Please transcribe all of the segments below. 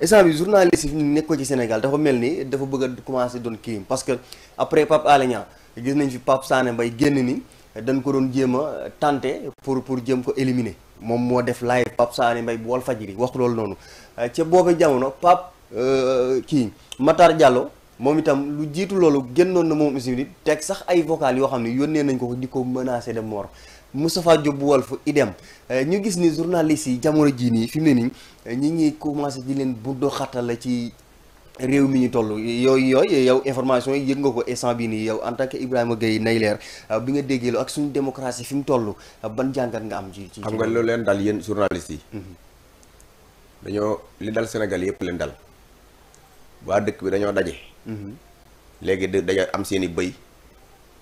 instant bi journaliste yi nekk ci Sénégal dafa mel ni dafa bëgg a commencer doon crime parce que après Pape Alé gis nañ fi Pape saane mbay génn ni dañ ko doon jéem a tenter pour pour jëm ko éliminer moom moo def live Pape Sané Mbaye bu Walfadjri wax loolu noonu euh, ca boobu jamono Pape euh, kii Matar Diallo moom itam lu jiitu loolu génnoon na moom aussi teg sax ay vocal yoo xam ne yónnee nañ ko ko di ko menacer de mort Moustapha Diop bu Walf idem eh, ñu gis ni journaliste yi jamono jii nii fi mu ne nii eh, ñi ngi commencé di leen bundu xattala ci réew mi ñu toll yooyu yooyu yow information yi yëg nga ko instant bi nii yow en tant que Ibrahima géey nay leer eh, bi nga déggee ak suñu démocratie fi mu toll ban jàngat nga am. ci ci xam nga lu leen dal yéen journaliste yi. Mhm. dañoo li dal Sénégal yëpp leen dal waa dëkk bi dañoo daje. Mhm. léegi dañoo am seen i bëy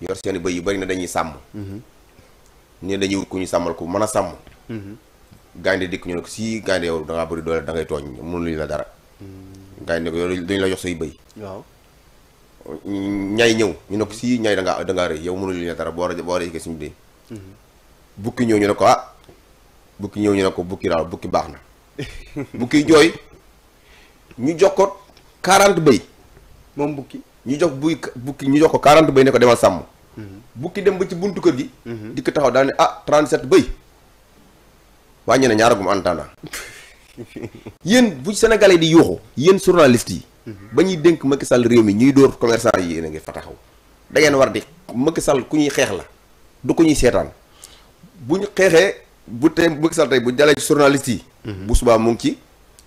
yor seen i bëy yu bari na dañuy sàmm. Mhm. ñu ne dañuy wut ku ñu sàmmal ko mën a sàmm. Mhm. gaynde dikk ñu ne ko si gaynde yow da ngaa bëri doole da ngay tooñ mënuñu la dara. Mhm. gaynde ko yow dañu la jox say bëy. waaw. ñay ñëw ñu ne ko si ñay da ngaa da ngaa rëy yow mënuñu la dara boo rajo boo rajo suñu dee. Mhm. bukki ñëw ñu ne ko ah bukki ñëw ñu ne ko bukki raaw bukki baax na bukki jooy ñu jox ko 40 bëy. moom bukki ñu jox buy bukki ñu jox ko 40 bëy ne ko demal sàmm. bukki dem ba ci buntu kër gi. Mhm. dikk taxaw daal ne ah 37 bëy wàññi na ñaaragum en attendant yéen bu Sénégalais di yuuxu yéen journaliste yi. Mhm. ba ñuy dénk Macky Sall réew mi ñuy dóor commerçant yi yéen a ngi fa da ngeen war di Macky Sall ku ñuy xeex la du ko ñuy seetaan bu ñu xeexee bu tey Macky Sall tey bu dalee ci yi. Mhm. bu suba mu ngi ci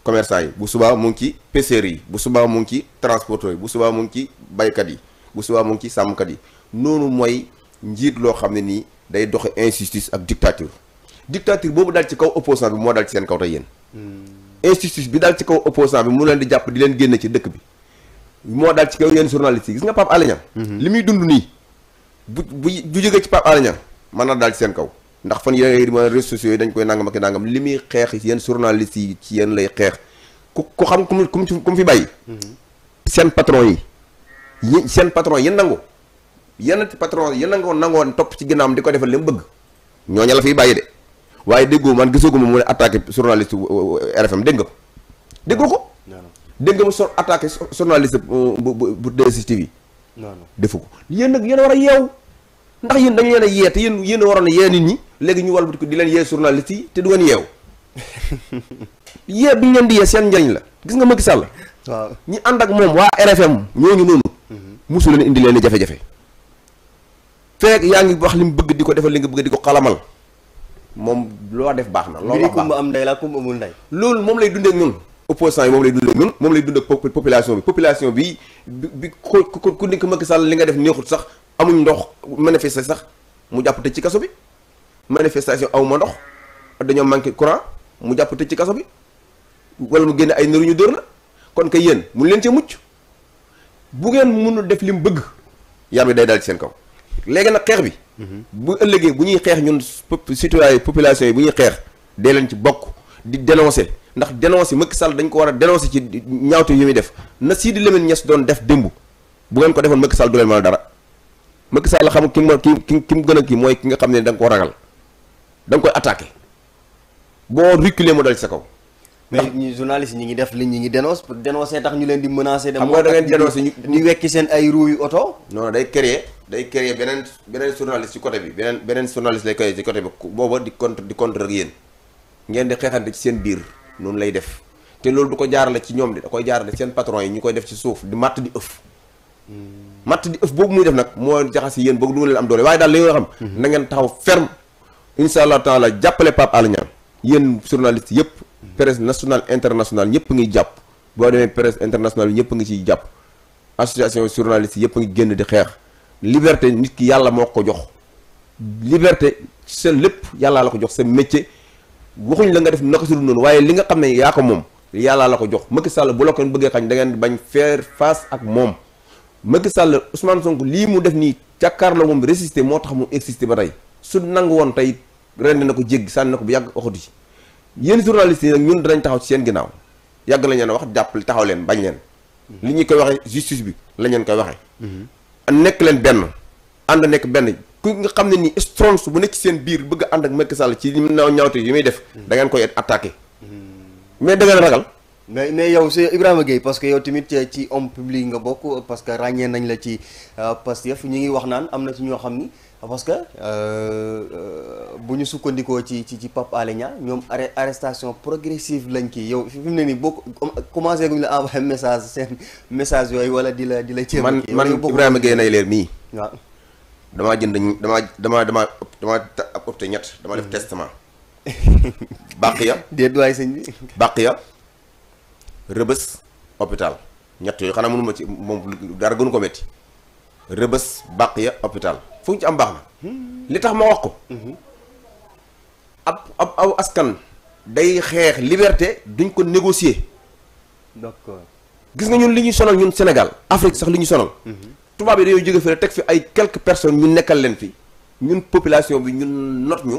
commerçant yi bu subaa mu ngi ci pêcheurs yi bu subaa mu ngi ci transporteurs yi bu subaa mu ngi ci baykat yi bu subaa mu ngi ci sàmmkat yi. noonu mooy njiit loo xam ne nii day doxe injustice ak dictature dictature boobu daal ci kaw opposant bi moo daal ci seen kaw te yéen hmm. injustice bi daal ci kaw opposant bi mu leen di jàpp di leen génne ci dëkk bi moo daal ci kaw yéen journaliste yi gis nga Pape Alé Niang hmm. li muy dund nii bu bu bu jógee ci Pape Alé Niang mën na daal ci seen kaw ndax fan yéen ay réseaux yi dañ koy nangam ak nangam li muy xeex yéen journaliste yi ci yéen lay xeex ku ku xam ku mu ku mu fi bàyyi hmm. seen patron yi seen patron yéen nangu yenn patron yi nangoon nangoon topp ci ginnaawam di ko defal li mu bëgg ñooña la fiy bàyyi de waaye déggoo man gisoo ko mu ne attaqué journaliste RFM dégg nga ko déggoo ko. dégg nga mu so attaqué journaliste bu bu bu DSTV. defu ko yéen nag yéen a war a yeew ndax yéen dañu leen a yee te yéen yéen a waroon a yee nit ñi léegi ñu walbati ko di leen yee journaliste yi te du ngeen yeew yee bi ñu leen di yee seen njëriñ la gis nga Macky Sall. waaw ñi ànd ak moom waa RFM ñooñu noonu. Mhm. mosu leen indi leen jafe-jafe. fekk yaa ngi wax li mu bëgg di ko defal li nga bëgg di ko xalamal moom loo def baax na. loolu baax am ndey la ku mu amul ndey. loolu moom lay dundee ak ñun. opposants yi moom lay dundee ak moom lay dundee ak population bi population bi bi ku ku ku nekk Macky Sall li nga def neexut sax amuñ ndox manifester sax mu jàpp tëj ci kaso bi manifestation aw ma ndox dañoo manqué courant mu jàpp tëj ci kaso bi wala mu génne ay nëru ñu dóor la kon kay yéen mun leen cee mucc bu ngeen mënul def li mu bëgg yar bi day dal seen kaw. léegi nag xeex bi. Mhm. bu ëllëgee bu ñuy xeex ñun citoyen population yi bu ñuy xeex dee leen ci bokk di dénoncer ndax dénoncer Macky Sall dañ ko war a dénoncer ci ñaawte yi muy def na Sidi ña si doon def démb bu ngeen ko defoon Macky Sall du leen mën a dara Macky xam ki mu ki ki mu gën a kii mooy ki nga xam ne da nga koo ragal da nga koy attaqué boo reculer mu dal ci sa kaw. mais ñu journaliste ñi ngi def li ñi ngi dénonce pour dénoncer tax ñu leen di menacer. dem xam nga da ngeen dénoncer ñu ñu wekki seen ay ruu yu oto. noonu day créer. day créer beneen beneen journaliste ci côté bi beneen beneen journaliste lay créer ci côté bi booba di contre di contre ak yéen ngeen di xeexante ci seen biir noonu lay def te loolu du ko jaarale ci ñoom de da koy jaarale seen patron yi ñu koy def ci suuf di matt di ëf hmm. matt di ëf boobu muy def nag moo jaxase yéen boobu du nga am doole waaye daal li nga xam hmm. na ngeen taxaw ferme insha allah taala jàppale Pape Alé Niang yéen journaliste yëpp presse n internationale ñëpp ngi jàpp boo demee presse internationale ñëpp ngi ciy jàpp association journaliste yëpp ngi génn di xeex liberté nit ki yàlla moo ko jox liberté sa lépp yàllaa la ko jox sa métier waxuñ la nga def naka su dul waaye li nga xam ne yaa ko moom yàllaa la ko jox Macky Sall bu la ko bëggee xañ da ngeen bañ faire face ak moom Macky Sall Ousmane Sonko lii mu def nii càkkaar la moom résister moo tax mu existé ba tey su nangu woon tey rend na ko jéggi sànni na ko bu yàgg waxatu ci yéen journalistes yi nag ñun danañ taxaw ci seen ginnaaw yàgg la ñeen wax jàpp taxaw leen bañ leen li ñu koy waxee justice bi la ñeen koy waxee mm-hmm. nekk leen benn ànd nekk benn ku nga xam ne nii strons bu nekk seen biir bëgg ànd ak Macky Sall ci naaw ñaawte yi muy def hmm. da ngeen koy attaqué hmm. mais da ngeen ragal mais ne yow si Ibrahima Gueye parce que yow tamit ci homme public nga bokk parce que ràññee nañ la ci euh, Pastef ñu ngi wax naan am na ci ñoo xam ni Ah, parce que euh, euh, bu ñu sukkandikoo ci ci ci Pape Alé Niang ñoom arrestation progressive lañ kii yow fi mu ne nii boo commencé guñ la envoyé message seen message yooyu wala di la di la. ceeb man man Ibrahima Gueye nay leer mii. waaw damaa jënd damaa damaa damaa damaa opté ñett dama def mm-hmm. testament. bàq ya. déet waay sëñ bi. bàq ya rëbës hôpital ñett yooyu xanaa mënuma ci moom dara gënu ko métti rëbës bàq ya hôpital. fu ci am baax na li tax ma wax ko ab ab aw askan day xeex liberté duñ ko négocier d'accord gis nga ñun li ñuy sonal ñun Sénégal Afrique sax li ñuy sonal tubaab yi dañoo jóge fii teg fi ay quelques personnes ñu nekkal leen fi ñun population bi ñun not ñu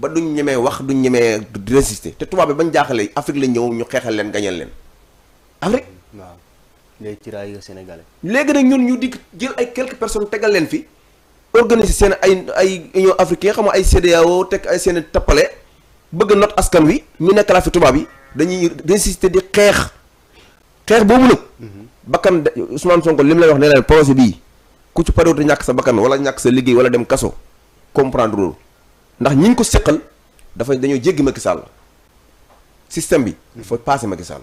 ba duñ ñemee wax duñ ñemee résister te tubaab bi bañ jaaxale Afrique la ñëw ñu xeexal leen gañal leen Afrique waaw léegi nag ñun ñu dikk jël ay quelques personnes tegal leen fi organiser seen ay ay union africain xam nga ay CEDEAO teg ay seen tappale bëgg not askan wi ñu nekk laa fi tubaab yi dañuy résister di xeex xeex boobu nag bakkan Ousmane Sonko li mu lay wax ne projet bii ku ci parewut ñàkk sa bakkan wala ñàkk sa liggéey wala dem kaso comprendre loolu ndax ñi ko seqal dafa dañoo jéggi Macky sàll système bi dafa passé Macky Sall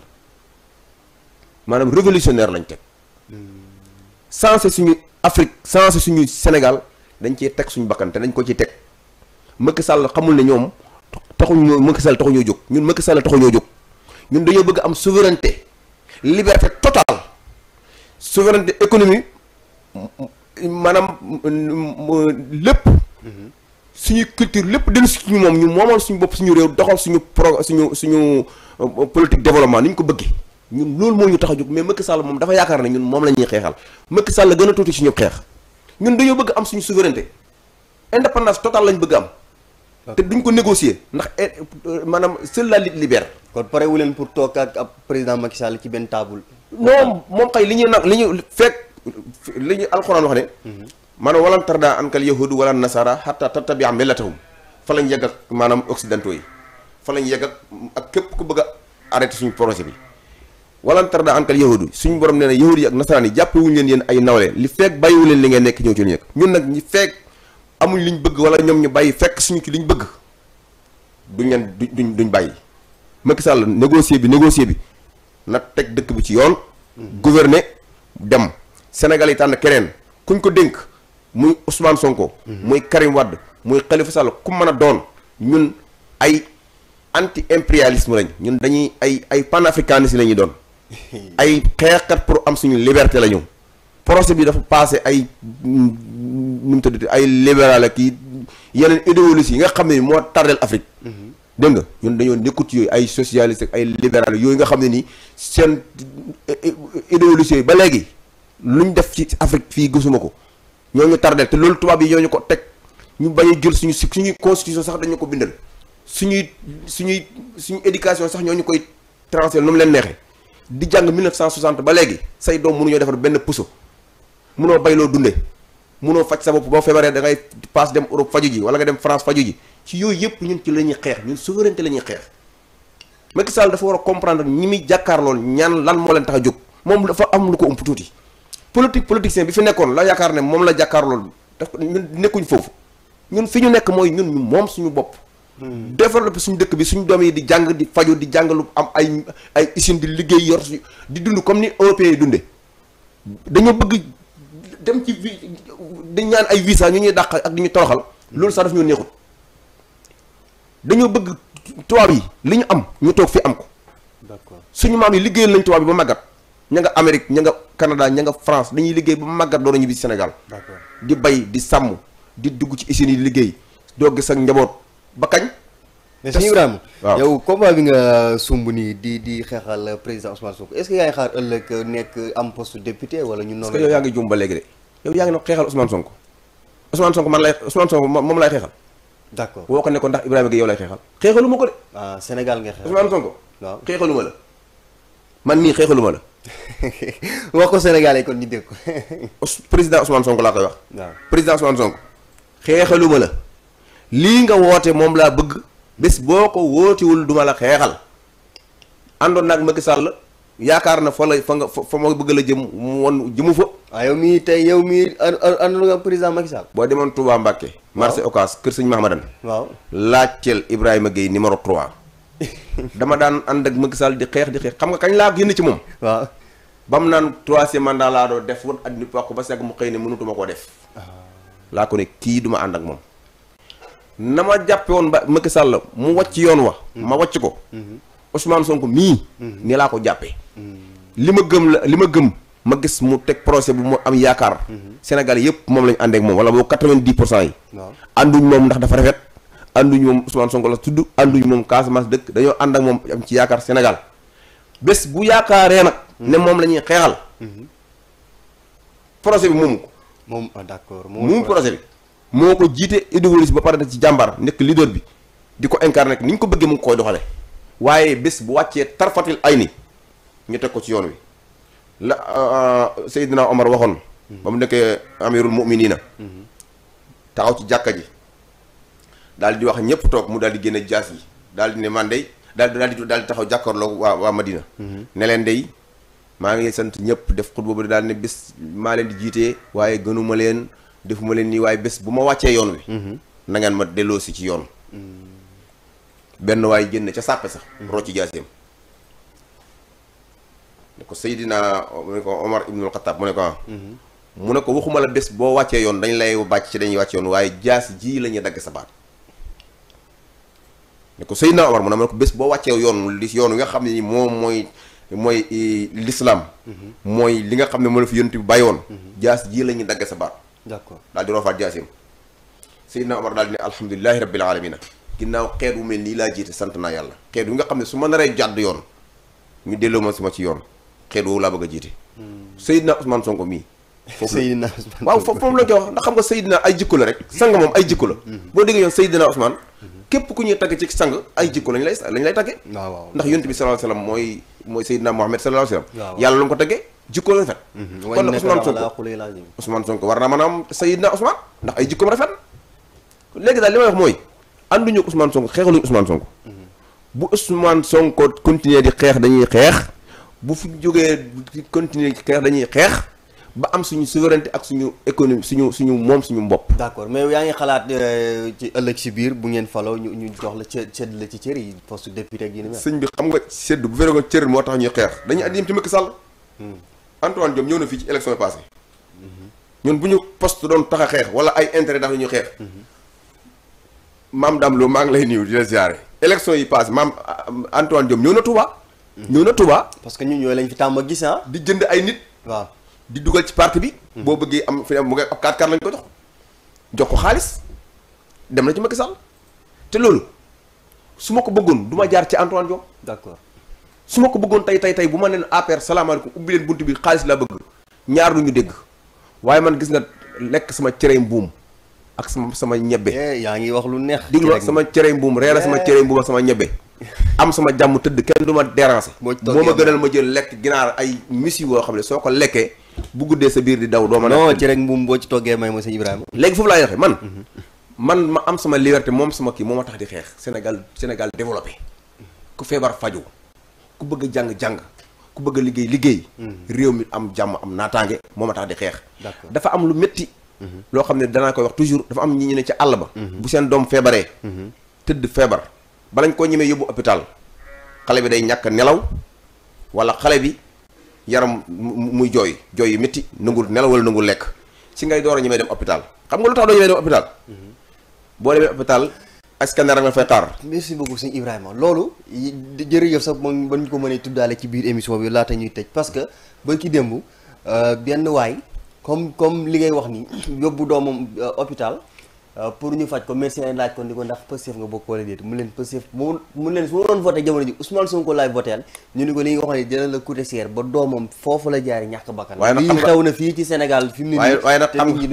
maanaam révolutionnaire lañ teg hmm. sensé suñu Afrique sensé suñu Sénégal dañ ciy teg suñu bakkan te dañ ko ci teg Macky sàll xamul ne ñoom taxuñu Macky Sall taxuñoo jóg ñun Macky Sall taxuñoo jóg ñun dañoo bëgg am souveraineté liberté totale souveraineté économique maanaam lépp suñu culture lépp dellu si ñu moom ñu moomal suñu bopp suñu réew doxal suñu pro suñu suñu euh, politique développement ni ñu ko bëggee ñun loolu moo ñu tax a jóg mais Macky Sall moom dafa yaakaar ne ñun moom la ñuy xeexal Macky Sall gën a tuuti si ñu xeex ñun dañoo bëgg am suñu souveraineté indépendance totale lañ bëgg am. te duñ ko négocier ndax eh, maanaam seule la lutte libère. kon parewu leen pour toog ak ab président Macky Sall ci benn taabul moom moom xëy li ñu nag li ñu fekk li ñu alxuraan wax ne. Mhm. maanaam walan tarda ankal yahudu wala nasara hatta tattabia millatahum fa lañ yegg ak maanaam occidentaux yi fa lañ yegg ak képp ku bëgg a arrêté suñu projet bi. walan tarda ankal yahudu suñu borom nee na yahud yi ak nasaraan yi jàppe wuñu leen yéen ay nawle li feek bàyyiwu leen li ngeen nekk ñëw ci lu nekk ñun nag ñi feek amuñ liñ bëgg wala ñoom ñu bàyyi fekk suñu ci liñ bëgg duñ leen duñ duñ bàyyi Macky Sall négocier bi négocier bi na teg dëkk bi ci yoon mm-hmm. gouverner dem Sénégal yi tànn keneen kuñ ko dénk muy Ousmane Sonko mm-hmm. muy Karim Wade muy Khalifa Sall ku mën a doon ñun ay anti impérialisme lañ ñun dañuy ay ay panafricanisme la ñuy doon ay xeexkat pour am suñu liberté la ñu procès bi dafa passé ay nu mu tuddati ay libéral ak yeneen idéologie yi nga xam ne moo tardel Afrique mhm. dégg nga ñun dañoo nekkut yooyu ay socialiste ay libéral yooyu nga xam ne nii seen idéologie yooyu ba léegi ñu def ci Afrique fii gisuma ko ñoo ñu tardel te loolu tubaab yi ñoo ñu ko teg ñu bañ a jël suñu suñuy constitution sax dañu ko bindal suñuy suñuy suñu éducation sax ñoo ñu koy transférer nu leen neexee di jàng cent 1960 ba léegi say doom mënuñoo defar benn puso mënoo bay loo dundee mënoo faj sa bopp boo feebaree da ngay paas dem Europe faju ji wala nga dem France faju ji ci yooyu yëpp ñun ci lañuy ñuy xeex ñun souveraineté la ñuy xeex Macky Sall dafa war a comprendre ñi muy jàkkaarlool ñaan lan moo leen tax a jóg moom dafa am lu ko ëmp tuuti politique politicien bi fi nekkoon la yaakaar ne moom la jàkkaarlool daf ñun nekkuñ foofu ñun fi ñu nekk mooy ñun moom suñu bopp développé suñu dëkk bi suñu doom yi di jàng di faju di jàngalu am ay ay usine di liggéey yor di dund comme ni Europe yi dunde dañoo bëgg dem ci vi dañ ñaan ay visa ñu ñuy dàq ak di ñu toroxal loolu sax daf ñoo neexut dañoo bëgg tubaab yi li ñu am ñu toog fi am ko d'accord suñu maam yi liggéeyal nañ tubaab yi ba màggat ña nga Amérique ña nga Canada ña nga France dañuy liggéey ba màggat doon ñibbi senegal di bay di sàmm di dugg ci usine yi liggéey doo gis njaboot ba kañ. mais sëñ Ibrahima waaw yow combat bi nga sumb nii di di xeexal président Ousmane Sonko est-ce que yaay xaar ëllëg nekk am poste député wala ñu. noonu la yow yaa ngi jum ba léegi de yow xeexal Ousmane Sonko Ousmane man lay Ousmane Sonko moom laay xeexal. d'accord woo ko ne ko ndax Ibrahima gi yow lay xeexal. xeexalu ko de. ah Sénégal nga xeexal waaw xeexalu ma la man mii xeexalu ma la. wax ko Sénégalais kon ñu dégg ko. président son Sonko laa koy wax. waaw président Ousmane Sonko xeexalu ma lii nga woote moom laa bëgg bés boo ko wootiwul duma la xeexal àndoon naag Macky Sall yaakaar na fa la fa nga foo ma bëgg la jëm mu won jëmu fa. waaw yow mii tey yow mii àndoon nga président Macky boo demoon Touba Mbacké. marché Ocass kër sëñ Mahamadan. waaw laajteel Ibrahima Gueye numéro 3. dama daan ànd ak Macky Sall di xeex di xeex xam nga kañ laa génn ci moom. waaw ba mu naan troisième mandat laa doon def woon adduna bi ko ba segg mu xëy ne mënutuma koo def. Ah. laa ko ne kii duma ànd ak moom. na ma jàppe woon ba Macky Sall mu wàcc yoon wa ma wacc ko Ousmane sonk mii ni laa ko jàppee li ma gëm la li ma gëm ma gis mu teg projet bu mu am yaakaar senegal yëpp moom la ñu àndeek moom wala boobu quatre-vingt-dix pour cent yi ànduñ moom ndax dafa rafet ànduñ moom Ousmane Sonko la tudd ànduñ moom Casamance dëkk dañoo ànd ak moom am ci yaakaar senegal bés bu yaakaaree nag ne hmm. moom la ñuy xeexal hmm. projet bi moomu ko moom ah, d'accord moom projet bi moo ko jiite idéologie ba pare na ci jàmbaar nekk leader bi di ko incarné ni ñu ko bëggee mu ngi koy doxale waaye bés bu wàccee tarfatil ay ni ñu teg ko ci yoon wi la euh, Seydina Omar waxoon mm-hmm. ba mu nekkee amirul muminina mm-hmm. taxaw ci jàkka ji daal di wax ñëpp toog mu daal di gën a jaas yi dal di ne man day daal daal di daal di taxaw jàkkaarloo waa Madina mm-hmm. ne leen day maa ngi sant ñëpp def xutba boobu daal ne bés maa leen di jiitee waaye gënuma leen defuma leen nii waaye bés bu ma wàccee yoon wi mhm. na ngeen ma delloo si ci yoon benn waay génn ca sàppe sax mhm. ci jaaseem ne ko Seydina mu ko Omar ibnul Xataab mu ne ko ah. mhm. mu ne ko waxuma la bés boo wàccee yoon dañ lay bàcc ci dañuy wàcce yoon waaye jaas ji la ñuy dagg sa baat ne ko Seydina Omar mu ne ko bés boo wàccee yoon li yoon wi nga xam ne moom mooy mooy l'islam mooy li nga xam ne moo la fi yonent bi woon jaas jii la ñuy dagg sa baat d'accord daal di roofaat jaasim Seydina Omar daal di ne alhamdulilahi rabbil alamina ginnaaw xeet wu mel nii laa jiite sant naa yàlla xeet wu nga xam ne su ma naree jàdd yoon ñu delloo ma suma ci yoon xeet woowu laa bëgg a jiite hmm. Seydina Ousmane Sonko mii foofu Seydina Ousmane waaw foofu moom la ñu wax ndax xam nga Seydina ay jikko la rek sang moom ay jikko la hmm. boo déggee yoon Seydina Ousmane hmm. képp ku ñuy tagg ci sang ay jikko lañ lay lañ lay tagge ndax yonent bi sallallahu alayhi wasallam mooy mooy Seydina Muhammad yàlla lu mu ko jikkoom rafet. Mhm. kon nag Ousmane Sonko Ousmane Sonko war naa mën a am naa Ousmane ndax ay jikkoom rafet léegi daal li may wax mooy ànduñu ak Ousmane Sonko xeexaluñu Ousmane Sonko. Mhm. bu Ousmane Sonko continuer di xeex dañuy xeex bu fi jógee continuer di xeex dañuy xeex ba am suñu souveraineté ak suñu économie suñu suñu moom suñu bopp. d'accord mais yaa ngi xalaat euh, ci ëllëg ci biir bu ngeen faloo ñu ñu jox la cë sedd la ci cër yi poste député ak sëñ bi xam nga sedd bu fekkee cër moo tax ñuy xeex dañuy andi yem ci Macky Antoine Diome ñëw na fii ci élection yi passé ñun bu ñu poste doon tax a xeex wala ay intérêt dafa ñu xeex maam Dame Lo maa ngi lay nuyu di la ziare élection yi passé maam ah, Antoine Diome ñëw na Touba ñëw na Touba parce que ñu ñooy lañ fi tàmm a gis ah. di jënd ay nit waaw di dugal ci parti bi hmm. boo bëggee am fi mu nga ab kaat kaat lañ ko jox jox ko xaalis dem na ci Macky Sall te loolu su ma ko bëggoon duma jaar ci Antoine Diome d'accord su ma ko bëggoon tey tey tey bu ma neen APR salaamaaleykum ubbi leen bunt bi xaalis laa bëgg ñaar lu ñu dégg waaye man gis nga lekk sama cere mbuum ak sama sama ñebe. Eh, yaa ngi wax lu neex. déglu sama cere mbuum reer sama eh. cere mbuum sama ñebe. am sama jàmm tëdd kenn du ma déranger. moo ma gënal ma jël lekk ginaar ay misi woo xam ne soo ko lekkee bu guddee sa biir di daw. doo ma non cere mbuum boo ci toggee may monsieur Ibrahima. léegi foofu laay waxee man. Mhm. man ma am sama liberté moom sama kii moom ma tax di xeex Sénégal Sénégal développé ku feebar faju ku bëgg a jàng jàng ku bëgg liggéey liggéey. Mhm. réew mi am jàmm am naataange moo ma tax di xeex. dafa am lu métti. Mhm. loo xam ne danaa koy wax toujours dafa am ñi ñu ne ca àll ba. Mhm. bu seen doom feebaree. tëdd feebar balañ koo ñemee yóbbu hôpital xale bi day ñàkk nelaw wala xale bi yaram muy jooy jooy yu métti nangul nelaw wala nangul lekk si ngay door a ñemee dem hôpital xam nga lu tax doo ñemee dem hôpital. boo demee hôpital askan nga fay xaar. merci beaucoup sëñ Ibrahima loolu jërëjëf sax moom ba ñu ko mënee tuddaale ci biir émission bi laata ñuy tëj parce que ki démb euh, benn waay comme comme li ngay wax ni yóbbu doomam euh, hôpital euh, pour ñu faj ko médecin laaj ko ni ko ndax Pastef su ma doon voté jamono ji Ousmane Sonko laay voteel ñu ni ko li nga wax ne dina la coûté cher ba doomam foofu la jaari ñàkk bakkan lii xew na fii ci Sénégal fi mu ne nii waaye nag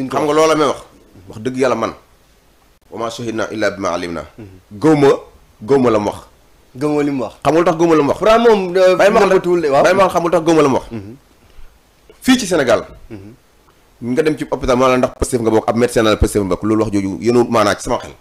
xam nga loola may wax wax dëgg yàlla man wa maa shahidnaa illaa bimaa alimnaa. gëw ma gëw ma la mu wax. gëw li mu wax xamul tax gëw la mu wax. pourtant moom. Euh, bay ma xam xamul tax gëw ma la mu wax. Mhm. fii ci Sénégal. Mhm. nga dem ci hôpital ma la ndax Pastef nga bokk ab médecin la Pastef nga bokk loolu wax jooju yéen maanaa ci sama xel.